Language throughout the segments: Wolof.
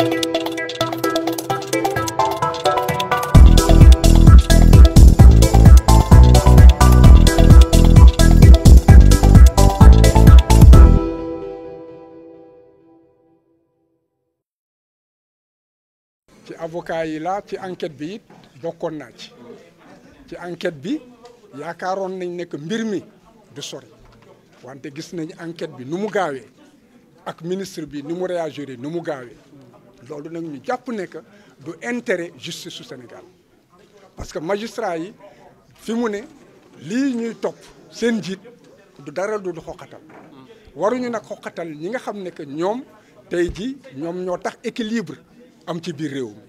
ci avocat yi la ci enquête bi it bokkoon naa ci ci enquête bi yaakaaroon nañ nekk mbir mi du sori wante gis nañ enquête bi nu mu gaawee ak ministre bi ni mu réagir nu mu gaawee loolu nag ñu jàpp ne que du intéret justice su Sénégal parce que magistrat yi fi mu ne lii ñuy topp seen njiit du dara du xoqatal waruñu nag xoqatal ñi nga xam ne que ñoom tey ji ñoom ñoo tax équilibre am ci biir réew mi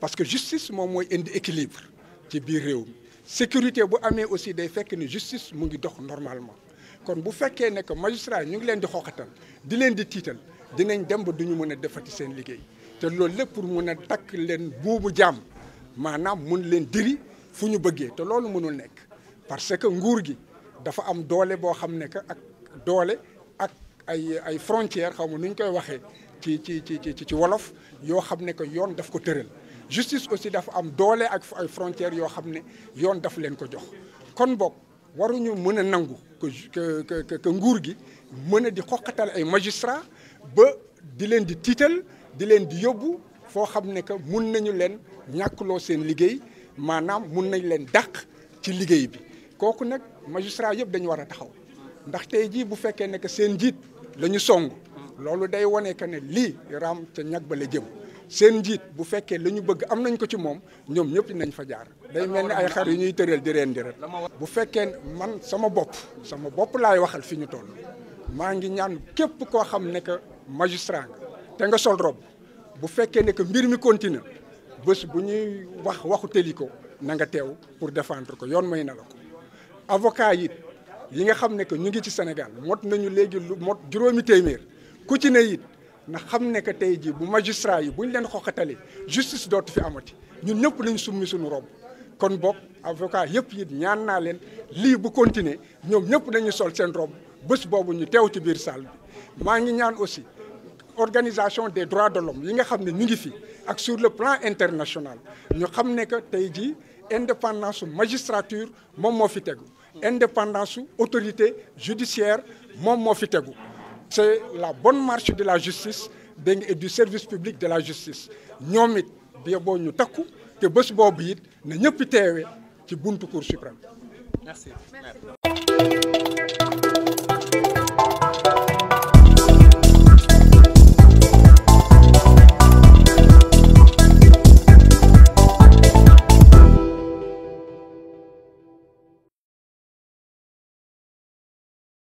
parce que justice moom mooy indi équilibre ci biir réew mi sécurité bu amee aussi day fekk ni justice mu ngi dox normalement kon bu fekkee ne que magistrat ñu ngi leen di xoqatal di leen di tiital dinañ dem ba duñu mën a defati seen liggéey te loolu lépp pour mun a takk leen buubu jàmm maanaam mun leen diri fu ñu bëggee te loolu mënul nekk parce que nguur gi dafa am doole boo xam ne que ak doole ak ay ay frontières xaw ma nu koy waxee ci ci ci ci wolof yoo xam ne que yoon daf ko tëral justice aussi dafa am doole ak ay frontières yoo xam ne yoon daf leen ko jox kon boog waruñu mën a nangu que que que nguur gi mën a di xoqatal ay magistrats ba di leen di tiital. di leen di yóbbu foo xam ne que mun nañu leen ñàkkuloo seen liggéey maanaam mun nañ leen dàq ci liggéey bi kooku nag magistrat yëpp dañu war a taxaw ndax tey jii bu fekkee ne que seen njiit lañu ñu song loolu day wane que ne lii raam ca ñag ba la jëm seen njiit bu fekkee la ñu bëgg am nañ ko ci moom ñoom ñëpp nañ fa jaar day mel ni ay xar yu ñuy tëral di reen di rek bu fekkee man sama bopp sama bopp laay waxal fi ñu toll maa ngi ñaan képp koo xam ne que magistrat nga te nga sol robe bu fekkee ne que mbir mi continue bés bu ñuy wax waxu Téliko na nga teew pour defendre ko yoon may na la ko avocat yit yi nga xam ne que ñu ngi ci Sénégal mot nañu léegi lu mot juróomi téeméer ku ci ne it na xam ne que tey jii bu magistrat yi bu ñu leen xoxatalee justice dootu fi amati ñun ñëpp lañ summi suñu rob kon boog avocat yëpp it ñaan naa leen lii bu continuer ñoom ñëpp nañu sol seen rob bés boobu ñu teew ci biir salle bi maa ngi ñaan aussi organisation des de l'homme yi nga xam ne ñu ngi fi ak sur le plan international ñu xam ne que tey jii indépendance su magistrature moom moo fi tegu indépendance su autorité judiciaire moom moo fi tegu c'est la bonne marché de la justice dégg nga et du service public de la justice ñoom it boo ñu takku te bés boobu it na ñëpp teewee ci buntu cour suprême